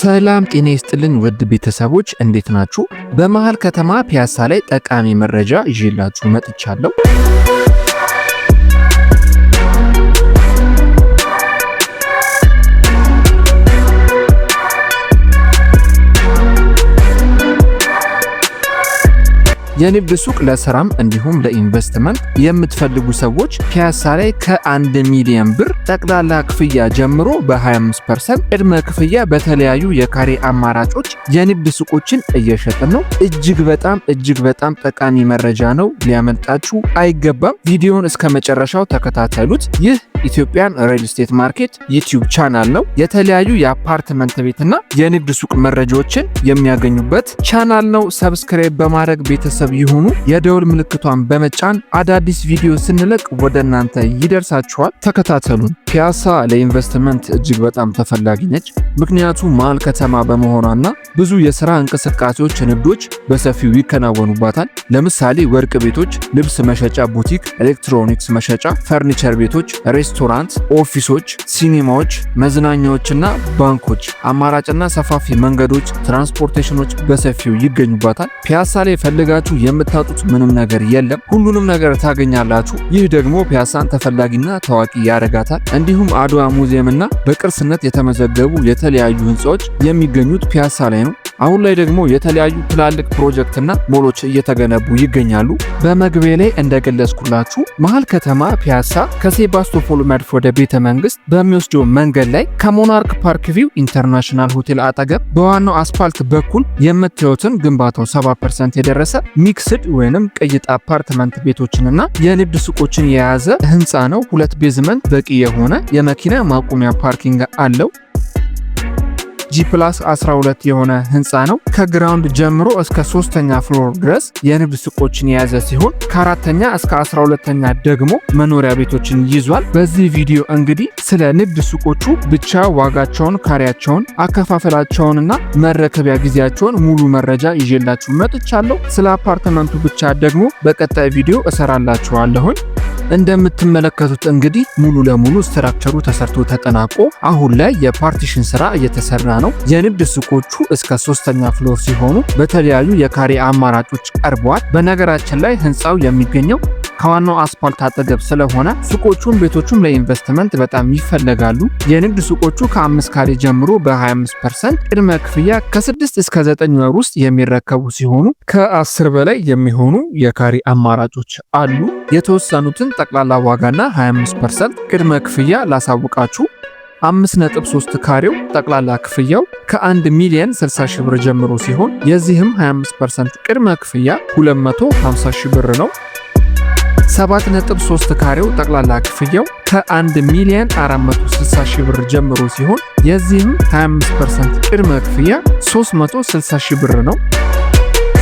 ሰላም ጤና ይስጥልን ውድ ቤተሰቦች እንዴት ናችሁ? በመሃል ከተማ ፒያሳ ላይ ጠቃሚ መረጃ ይዤላችሁ መጥቻለሁ። የንግድ ሱቅ ለስራም እንዲሁም ለኢንቨስትመንት የምትፈልጉ ሰዎች ፒያሳ ላይ ከ1 ሚሊዮን ብር ጠቅላላ ክፍያ ጀምሮ በ25% ቅድመ ክፍያ በተለያዩ የካሬ አማራጮች የንግድ ሱቆችን እየሸጥን ነው። እጅግ በጣም እጅግ በጣም ጠቃሚ መረጃ ነው። ሊያመልጣችሁ አይገባም። ቪዲዮን እስከ መጨረሻው ተከታተሉት። ይህ ኢትዮጵያን ሪል ስቴት ማርኬት ዩቲዩብ ቻናል ነው። የተለያዩ የአፓርትመንት ቤትና የንግድ ሱቅ መረጃዎችን የሚያገኙበት ቻናል ነው። ሰብስክራይብ በማድረግ ቤተሰብ ይሁኑ። የደውል ምልክቷን በመጫን አዳዲስ ቪዲዮ ስንለቅ ወደ እናንተ ይደርሳችኋል። ተከታተሉን። ፒያሳ ለኢንቨስትመንት እጅግ በጣም ተፈላጊ ነች። ምክንያቱም መሀል ከተማ በመሆኗና ብዙ የስራ እንቅስቃሴዎች፣ ንግዶች በሰፊው ይከናወኑባታል። ለምሳሌ ወርቅ ቤቶች፣ ልብስ መሸጫ ቡቲክ፣ ኤሌክትሮኒክስ መሸጫ፣ ፈርኒቸር ቤቶች፣ ሬስ ሬስቶራንት፣ ኦፊሶች፣ ሲኒማዎች፣ መዝናኛዎችና ባንኮች፣ አማራጭና ሰፋፊ መንገዶች፣ ትራንስፖርቴሽኖች በሰፊው ይገኙባታል። ፒያሳ ላይ ፈልጋችሁ የምታጡት ምንም ነገር የለም። ሁሉንም ነገር ታገኛላችሁ። ይህ ደግሞ ፒያሳን ተፈላጊና ታዋቂ ያደርጋታል። እንዲሁም አድዋ ሙዚየምና በቅርስነት የተመዘገቡ የተለያዩ ህንፃዎች የሚገኙት ፒያሳ ላይ ነው። አሁን ላይ ደግሞ የተለያዩ ትላልቅ ፕሮጀክትና ሞሎች እየተገነቡ ይገኛሉ። በመግቤ ላይ እንደገለጽኩላችሁ መሀል ከተማ ፒያሳ ከሴባስቶፖል መድፍ ወደ ቤተ መንግስት በሚወስደው መንገድ ላይ ከሞናርክ ፓርክ ቪው ኢንተርናሽናል ሆቴል አጠገብ በዋናው አስፋልት በኩል የምታዩትን ግንባታው 70% የደረሰ ሚክስድ ወይንም ቅይጥ አፓርትመንት ቤቶችንና የንግድ ሱቆችን የያዘ ህንፃ ነው። ሁለት ቤዝመንት በቂ የሆነ የመኪና ማቆሚያ ፓርኪንግ አለው። ጂ ፕላስ 12 የሆነ ህንፃ ነው። ከግራውንድ ጀምሮ እስከ ሶስተኛ ፍሎር ድረስ የንብ ሱቆችን የያዘ ሲሆን ከአራተኛ እስከ 12ተኛ ደግሞ መኖሪያ ቤቶችን ይዟል። በዚህ ቪዲዮ እንግዲህ ስለ ንብ ሱቆቹ ብቻ ዋጋቸውን፣ ካሪያቸውን፣ አከፋፈላቸውንና መረከቢያ ጊዜያቸውን ሙሉ መረጃ ይዤላችሁ መጥቻለሁ። ስለ አፓርትመንቱ ብቻ ደግሞ በቀጣይ ቪዲዮ እሰራላችኋለሁኝ። እንደምትመለከቱት እንግዲህ ሙሉ ለሙሉ ስትራክቸሩ ተሰርቶ ተጠናቆ አሁን ላይ የፓርቲሽን ስራ እየተሰራ ነው። የንግድ ሱቆቹ እስከ ሶስተኛ ፍሎር ሲሆኑ በተለያዩ የካሬ አማራጮች ቀርበዋል። በነገራችን ላይ ህንፃው የሚገኘው ከዋናው አስፓልት አጠገብ ስለሆነ ሱቆቹም ቤቶቹም ለኢንቨስትመንት በጣም ይፈለጋሉ። የንግድ ሱቆቹ ከአምስት ካሬ ጀምሮ በ25 ፐርሰንት ቅድመ ክፍያ ከ6 እስከ 9 ወር ውስጥ የሚረከቡ ሲሆኑ ከ10 በላይ የሚሆኑ የካሬ አማራጮች አሉ። የተወሰኑትን ጠቅላላ ዋጋና 25 ፐርሰንት ቅድመ ክፍያ ላሳውቃችሁ። 5.3 ካሬው ጠቅላላ ክፍያው ከ1 ሚሊዮን 60 ሺህ ብር ጀምሮ ሲሆን የዚህም 25% ቅድመ ክፍያ 250 ሺህ ብር ነው። 7.3 ካሬው ጠቅላላ ክፍያው ከ1 ሚሊዮን 460 ሺህ ብር ጀምሮ ሲሆን የዚህም 25% ቅድመ ክፍያ 360 ሺህ ብር ነው።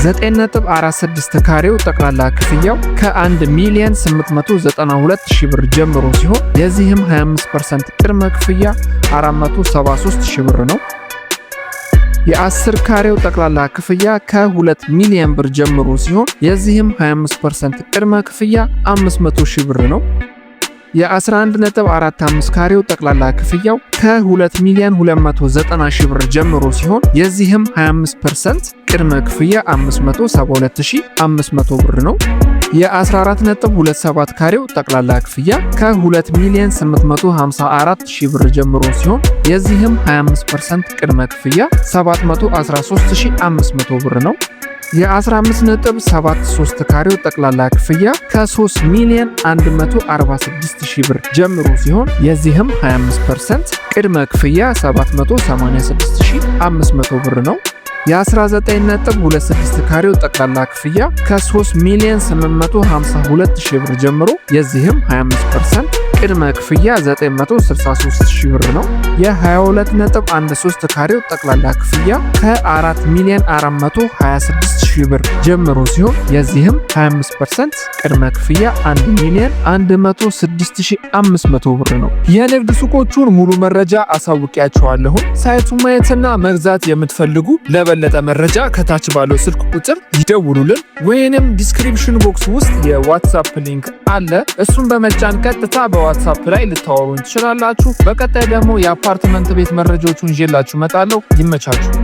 9.46 ካሬው ጠቅላላ ክፍያው ከ1 ሚሊዮን 892 ሺህ ብር ጀምሮ ሲሆን የዚህም 25% ቅድመ ክፍያ 473 ሺህ ብር ነው። የአስር ካሬው ጠቅላላ ክፍያ ከ2 ሚሊዮን ብር ጀምሮ ሲሆን የዚህም 25% ቅድመ ክፍያ 500 ሺህ ብር ነው። የ11.45 ካሬው ጠቅላላ ክፍያው ከ2 ሚሊዮን 290 ሺህ ብር ጀምሮ ሲሆን የዚህም 25% ቅድመ ክፍያ 572500 ብር ነው። የ14.27 ካሬው ጠቅላላ ክፍያ ከ2 ሚሊዮን 854 ሺህ ብር ጀምሮ ሲሆን የዚህም 25% ቅድመ ክፍያ 713500 ብር ነው። የ15.73 ካሬው ጠቅላላ ክፍያ ከ3 ሚሊዮን 146 ሺህ ብር ጀምሮ ሲሆን የዚህም 25% ቅድመ ክፍያ 786500 ብር ነው። የ19.26 ካሬው ጠቅላላ ክፍያ ከ3 ሚሊዮን 852 ሺህ ብር ጀምሮ የዚህም 25 ፐርሰንት ቅድመ ክፍያ 963 ብር ነው። የ22.13 ካሬው ጠቅላላ ክፍያ ከ4 ሚሊዮን 426 ብር ጀምሮ ሲሆን የዚህም 25% ቅድመ ክፍያ 1 ሚሊዮን 106500 ብር ነው። የንግድ ሱቆቹን ሙሉ መረጃ አሳውቂያቸዋለሁን ሳይቱ ማየትና መግዛት የምትፈልጉ ለበለጠ መረጃ ከታች ባለው ስልክ ቁጥር ይደውሉልን ወይንም ዲስክሪፕሽን ቦክስ ውስጥ የዋትሳፕ ሊንክ አለ። እሱን በመጫን ቀጥታ በዋ ዋትሳፕ ላይ ልታወሩን ትችላላችሁ። በቀጣይ ደግሞ የአፓርትመንት ቤት መረጃዎቹን ይዤላችሁ እመጣለሁ። ይመቻችሁ።